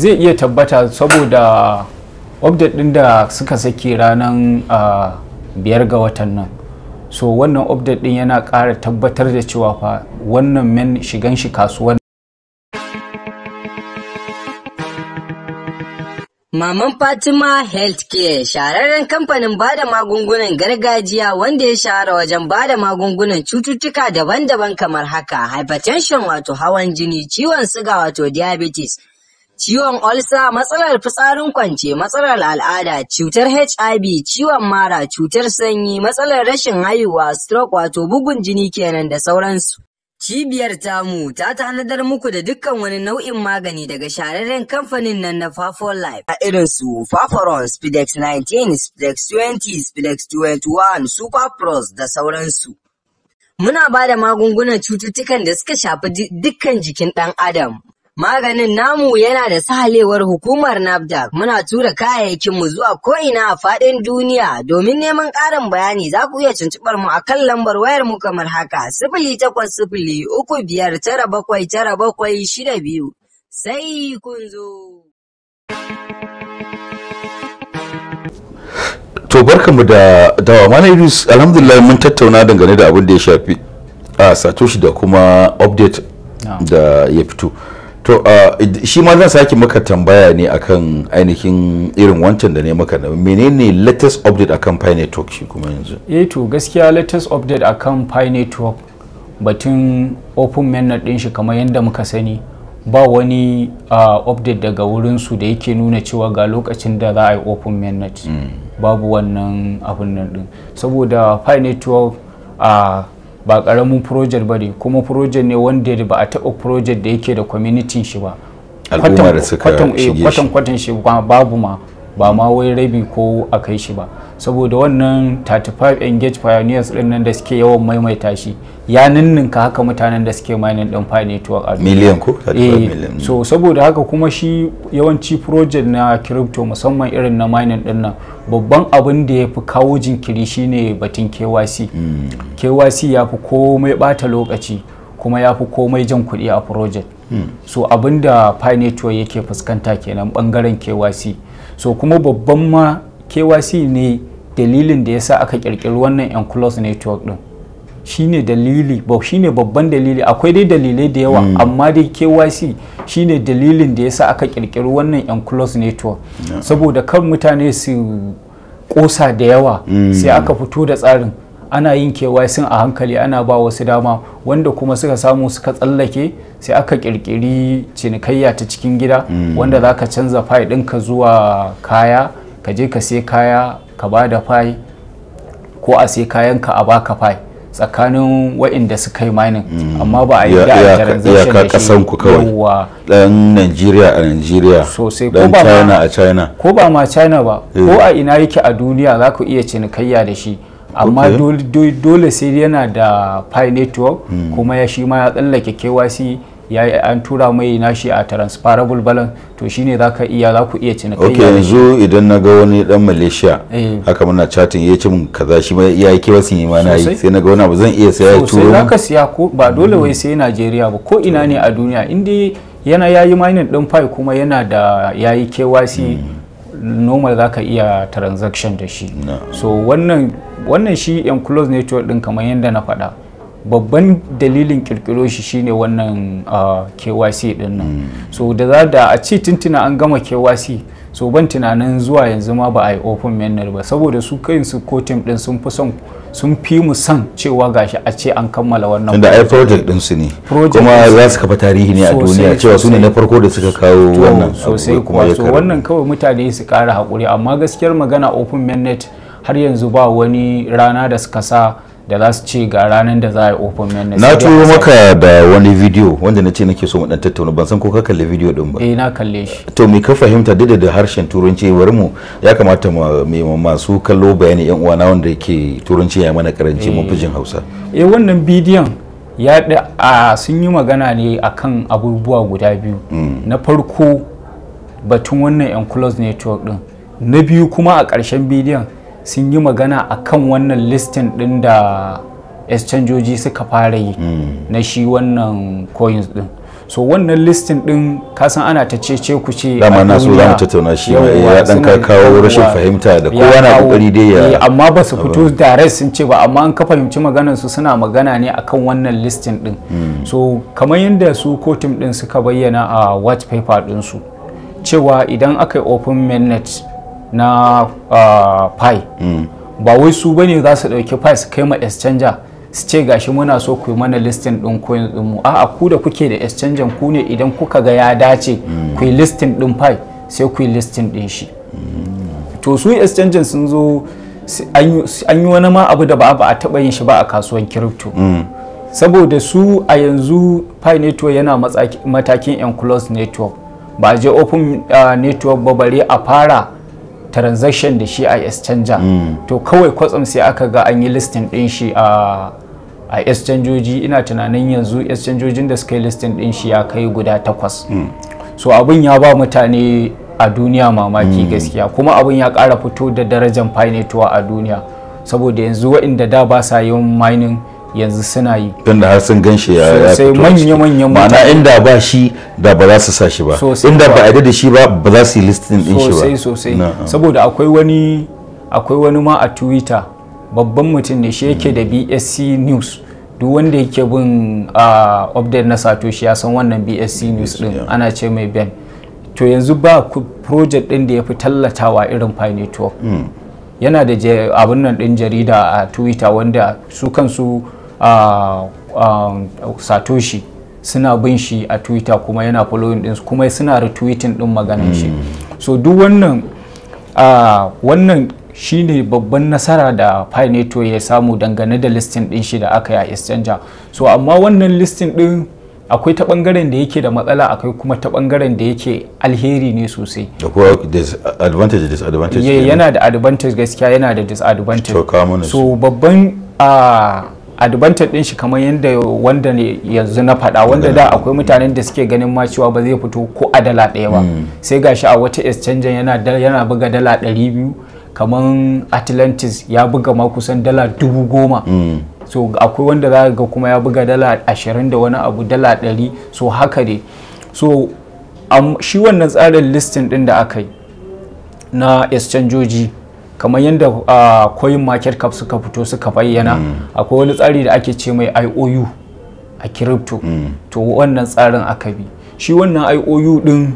zai iya tabbata saboda update din da suka saki ranar biyar ga watan nan so wannan update din yana kara tabbatar da cewa fa wannan men shigan shi kasuwa Maman Fatima Healthcare shahararren kamfanin bada magungunan gargajiya wanda ya shahara wajen bada magungunan cututtuka daban-daban kamar haka hypertension wato hawan jini, ciwon suga wato diabetes, ciwon olsa, matsalar fitsarin kwance, matsalar al'ada, cutar HIV, ciwon mara, cutar sanyi, matsalar rashin haihuwa, stroke wato bugun jini kenan da sauransu. Cibiyar tamu ta tanadar muku da dukkan wani nau'in magani daga shahararren kamfanin nan na Fafon Life. A irin su Faforon, Spidex 19, Spidex 20, Spidex 21, Superpros da sauransu. Muna ba da magungunan cututtukan da suka shafi dukkan jikin ɗan Adam, Maganin namu yana da sahalewar hukumar NAFDAC. Muna tura kayayyakinmu zuwa ko ko'ina a faɗin duniya. Domin neman ƙarin bayani za ku iya tuntuɓar mu a kan lambar wayar mu kamar haka. Sifili takwas sifili uku biyar tara bakwai tara bakwai shida biyu. Sai kun zo. To barkamu da dawa mana Idris alhamdulillah mun tattauna dangane da abin da ya shafi a satoshi da kuma update da ya fito. to uh, shi ma zan sake maka tambaya ne akan ainihin irin wancan da ne maka na menene latest update akan pi network shi kuma yanzu eh to gaskiya latest update akan pi network batun open mainnet din shi kamar yadda muka sani ba wani uh, update daga su da yake nuna cewa ga lokacin da za a yi open mainnet mm. babu wannan abin nan din saboda pi network uh, ba karamin project ba kuma project ne wanda ba a taɓa project da yake da community shi ba al'ummar suka kwatan kwatan eh, shi babu ma ba ma wai rabi ko a kai shi ba saboda wannan 35 engage pioneers din nan da suke yawan maimaita shi ya ninninka haka mutanen da suke mining din pi network a million ko 35 eh, million so saboda haka kuma shi yawanci project na crypto musamman irin na mining din nan babban abin da ya fi kawo jinkiri shine batun KYC hmm. KYC ya fi komai bata lokaci kuma ya fi komai jan kuɗi a project hmm. so abin da pi network yake fuskanta kenan bangaren KYC so kuma babban ma KYC ne dalilin da yasa aka kirkiri wannan enclosed network din shine dalili ba shine babban dalili akwai dai dalilai da yawa mm. amma dai KYC shine dalilin da yasa aka kirkiri wannan enclosed network saboda kan mutane su kosa da yawa mm. sai aka fito da tsarin ana yin KYC a hankali ana ba wasu dama wanda kuma suka samu suka tsallake sai aka kirkiri cinikayya ta cikin gida mm. wanda za ka canza fayil ɗinka zuwa kaya ka je ka sai kaya ka ba da fai ko a sai kayan ka a baka fai tsakanin wa'inda su kai mining mm. amma ba a yi da a transaction da shi ku kawai dan Najeriya a Najeriya sosai China a China ko ba ma China ba eh. ko a ina yake a duniya za ku iya cinikayya da shi amma dole sai yana da pi network mm. kuma ya shi ma ya tsallake KYC ya an tura mai nashi a transferable balance to shine ka iya za ku iya cinikayya okay yanzu idan na ga wani dan malaysia eh. haka muna chatting ya ce mun kaza shi ma ya yi wasu ne ma na yi sai na ga wani abu zan iya sai ya turo sai ka siya ko ba dole mm. wai sai nigeria ba ko ina ne a duniya inda yana yayi mining din fai kuma yana da yayi KYC mm. normal ka iya transaction da shi so wannan wannan shi enclosed network din kamar yadda na faɗa babban dalilin kirkiro shi shine wannan KYC din nan hmm. so da za da a ce tuntuna an gama KYC so ban tunanin zuwa yanzu ma ba a yi open manual ba saboda su su ko team din sun fi son sun fi mu san cewa gashi a ce an kammala wannan tunda ai project din su ne kuma za su kafa tarihi ne a duniya cewa su ne na farko da suka kawo wannan sosai kuma so wannan kawai mutane su kara hakuri amma gaskiyar magana open manual har yanzu ba wani rana da suka sa da za su ce ga ranar da za a yi open menace na turo maka da wani video wanda na ce nake so mu dan tattauna ban san ko ka kalli video din ba eh na kalle shi to me ka fahimta duk da harshen turanci bari mu ya kamata mu masu kallo bayani yan uwa na wanda yake turanci ya mana karanci mun fijin eh. Hausa eh wannan bidiyon ya da sun yi magana ne akan abubuwa guda biyu mm. na farko batun wannan enclosed network din na biyu kuma a ƙarshen bidiyon sun yi magana a kan wannan listin ɗin da exchangeoji suka fara yi hmm. na shi wannan coins ɗin so wannan listin ɗin kasan ana ta cece ku ce duniya su za mu tattauna shi eh, ya dan kawo rashin fahimta da kowa na kokari dai ya eh, amma ba su fito direct sun ce ba amma an ka fahimci maganar su suna magana ne akan wannan listin ɗin hmm. so kamar yadda su kotun ɗin suka bayyana a white paper ɗin su cewa idan aka yi open mainnet na ah, pi mm. ba wai su bane za su ɗauki pi su kai ma exchanger su ce gashi muna so ku yi mana listin din coin ɗin mu a'a ku da kuke da exchanger ku ne idan kuka ga ya dace mm. ku yi listin ɗin pi sai ku yi listing ɗin shi mm. to su exchanger sun zo an yi wani ma abu da ba a taba yin shi ba a kasuwan crypto saboda su a yanzu pi network yana matakin enclosed network ba je open ah, network ba bare a fara transaction da shi a exchanger mm. to kawai kwatsam sai aka ga an yi listing din shi a a exchangeoji ina tunanin yanzu exchangojin da suka yi listing din shi ya kai guda takwas mm. so abin ya ba mutane a duniya mamaki mm. gaskiya kuma abin ya kara fito da darajar network a duniya saboda yanzu waɗanda da ba sa yin mining yanzu suna yi tunda har sun gan shi ya sai manya manya ma'ana inda ba shi da ba za su sa shi ba inda ba a da shi ba ba za su yi listing din shi ba sosai sosai ah. saboda akwai wani akwai wani ma a twitter babban mutum ne shi yake da bsc news duk wanda yake bin ah, update na shi ya san wannan bsc news din ana ce mai ben to yanzu ba project din da ya fi tallatawa irin pi network hmm. yana da abin nan din jarida a twitter wanda su kansu Um, satoshi suna bin shi a twitter kuma yana following din kuma suna retweeting din magana shi hmm. so duk wannan wannan shine babban nasara da Pineto ya samu dangane da listing din shi da aka yi a exchanger so amma wannan listing din akwai ta bangaren da yake da matsala akwai kuma ta bangaren da yake alheri ne sosai kuma advantage disadvantage yana da advantage gaskiya yana da disadvantage so babban advantage din shi kamar yadda wanda ne yanzu na faɗa wanda da akwai mutanen da suke ganin ma cewa ba zai fito ko a dala ɗaya ba hmm. sai gashi a wata exchange yana yana buga dala ɗari biyu kamar atlantis ya buga ma kusan dala dubu goma hmm. so akwai wanda za ga kuma ya buga dala ashirin da wani abu dala ɗari so haka ne so shi wannan tsarin listin din da aka yi na exchangeoji kamar yadda coin market cap suka fito suka bayyana mm. akwai wani tsari da ake ce mai iou a crypto mm. to wannan tsarin aka bi shi wannan iou din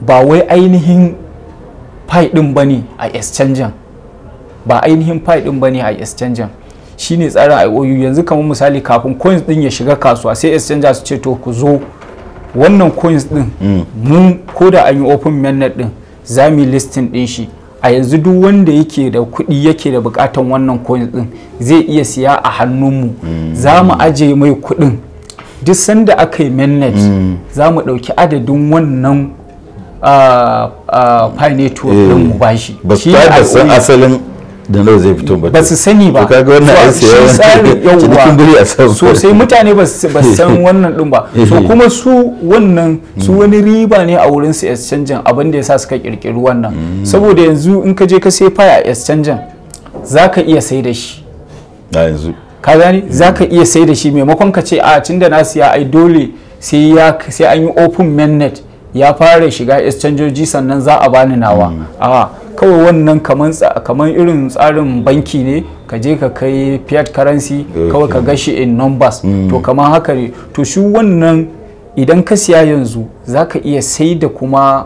ba wai ainihin pi din bane a exchange ba ainihin pi din bane a exchange shine tsarin iou yanzu kamar misali kafin coins din ya shiga kasuwa sai exchange su ce to ku zo wannan coins din mm. mun ko da an yi open mainnet din za mu listing din shi a yanzu duk wanda yake da kuɗi yake da bukatan wannan coins din zai iya siya a hannunmu mm. za mu aje mai kuɗin duk sanda aka yi mainnet mm. za mu ɗauki adadin wannan uh, uh, network din eh. mu bashi ba su asalin da nawa zai fito ba su sani ba kaga wannan ai sai so sai mutane ba su san wannan din ba so eh. kuma su wannan su hmm. wani riba ne a wurin su exchange abin da yasa suka kirkiri wannan hmm. saboda yanzu in ka je ka sai faya exchange zaka iya sai da shi a yanzu ka gani hmm. zaka iya sai da shi maimakon ka ce a tunda na siya ai dole sai ya sai an yi open mainnet ya fara shiga exchangeoji sannan za a bani nawa a kawai wannan kamar irin tsarin banki ne ka je ka kai fiat currency kawai ka gashi in numbers to hmm. kamar haka ne to shi wannan idan ka siya yanzu zaka iya sai da kuma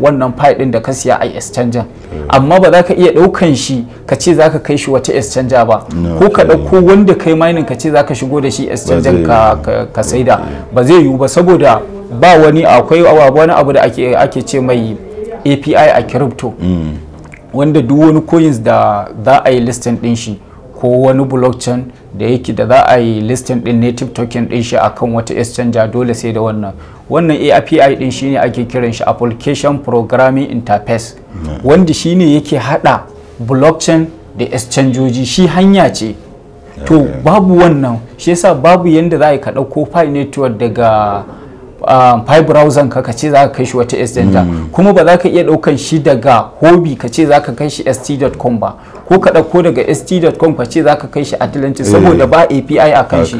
wannan file ɗin da ka siya a exchange hmm. amma ba za ka iya ɗaukan shi ka ce za ka kai shi wata exchange ba ko ka ɗauko wanda kai mining ka ce za ka shigo da shi exchange ka saida ba zai yiwu ba saboda ba wani akwai abu da ake ce mai api a crypto wanda duk wani coins da za a yi listing din shi ko wani blockchain da yake da za a yi listing din native token din shi akan wata exchange dole sai da wannan wannan api din shi ne ake kiran shi application programming interface wanda shi ne yake hada blockchain da exchangeoji shi hanya ce to babu wannan shi yasa babu yanda za a yi ka ɗauko network daga Um, browser ka ce za ka kai shi wata s hmm. kuma ba za ka iya ɗaukan shi daga hobby ka ce za ka kai shi st.com ba ko ka dauko daga st.com ka ce za ka kai shi atlantis eh. saboda ba api a kan shi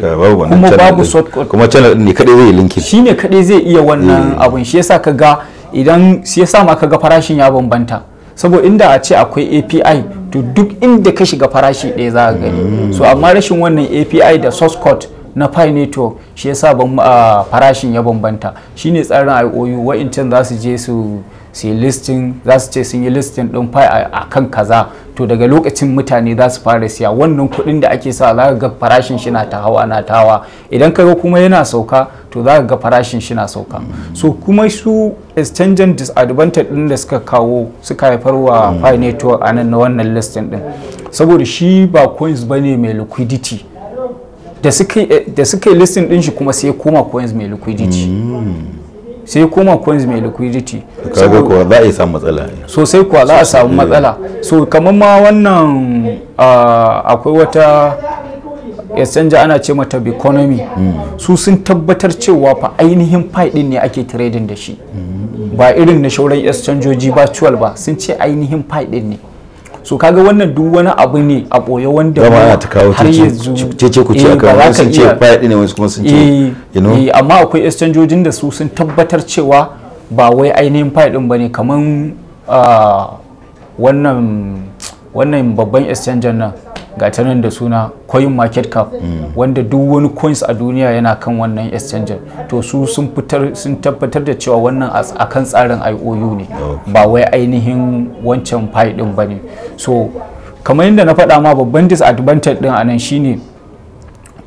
kuma babu shortcut kuma channel ne kadai zai linkin shi ne kadai zai iya wannan eh. abun shi yasa ka ga idan shi yasa ma ka ga farashin ya bambanta saboda inda a ce akwai api to duk inda ka shiga farashi ɗaya za ka gani hmm. so amma rashin wannan api da source code na pi network shi yasa ban farashin ya bambanta shine tsarin IOU wa'incan za su je su sai listing za su ce sun yi listing din pi a kan kaza to daga lokacin mutane za su fara siya wannan kudin da ake sa za ga farashin shi na ta hawa na ta hawa idan kaga kuma yana sauka to za ga farashin shi na sauka so kuma su exchange disadvantage din da suka kawo suka haifar wa pi network a nan na wannan listing din saboda shi ba coins bane mai liquidity da suka eh, yi listin din shi kuma sai koma coins mai liquidity hmm. sai koma coins mai liquidity kaga kuwa za a yi samu matsala sosai kuwa za a samu eh. matsala so kamar ma wannan ah, akwai wata exchange ana ce mata economy hmm. su sun tabbatar cewa fa ainihin fai din ne ake trading da shi hmm. ba irin na shauran exchangeoji virtual ba sun ce ainihin fai din ne so kaga wannan duk wani abu ne a boye wanda har yanzu cece ku ce eh, aka sun ce fayaɗi ne wasu kuma sun ce eh, eh, amma akwai exchangeojin da su sun tabbatar cewa ba wai ainihin fayaɗin ba ne kaman ah, wannan wannan babban exchange nan ga ta nan da suna coin market cap mm. wanda duk wani coins a duniya yana kan wannan exchange to su sun fitar sun tabbatar da cewa wannan a kan tsarin IOU ne ba wai ainihin wancan pi din bane so kamar yadda na faɗa ma babban disadvantage din anan shine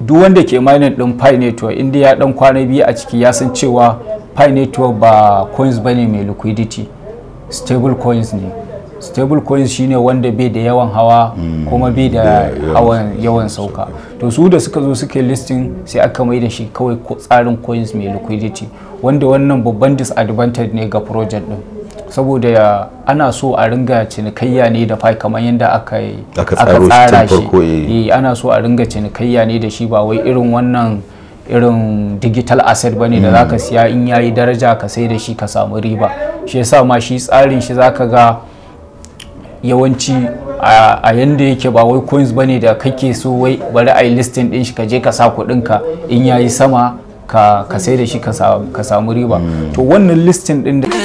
duk wanda ke mining din pi network inda ya dan kwana biyu a ciki ya san cewa pi network ba coins bane mai liquidity stable coins ne stable coins shine wanda bai da yawan hawa mm. kuma bai da hawan yawan sauka to su da suka zo suke listing sai aka mai da shi kawai tsarin coins mai liquidity wanda wannan babban disadvantage ne ga project din saboda ana so a ringa cinikayya ne da fai kamar yadda aka tsara shi eh. Eh, ana so a ringa cinikayya ne da shi ba wai irin wannan irin digital asset bane da zaka mm. siya in yayi daraja ka sai da shi ka samu riba shi yasa ma shi tsarin shi zaka ga yawanci a yanda yake ba wai coins bane da kake so wai bari a yi listin din shi ka je ka sa kuɗin ka in yayi sama ka sai da shi ka samu riba hmm. to wannan listin din da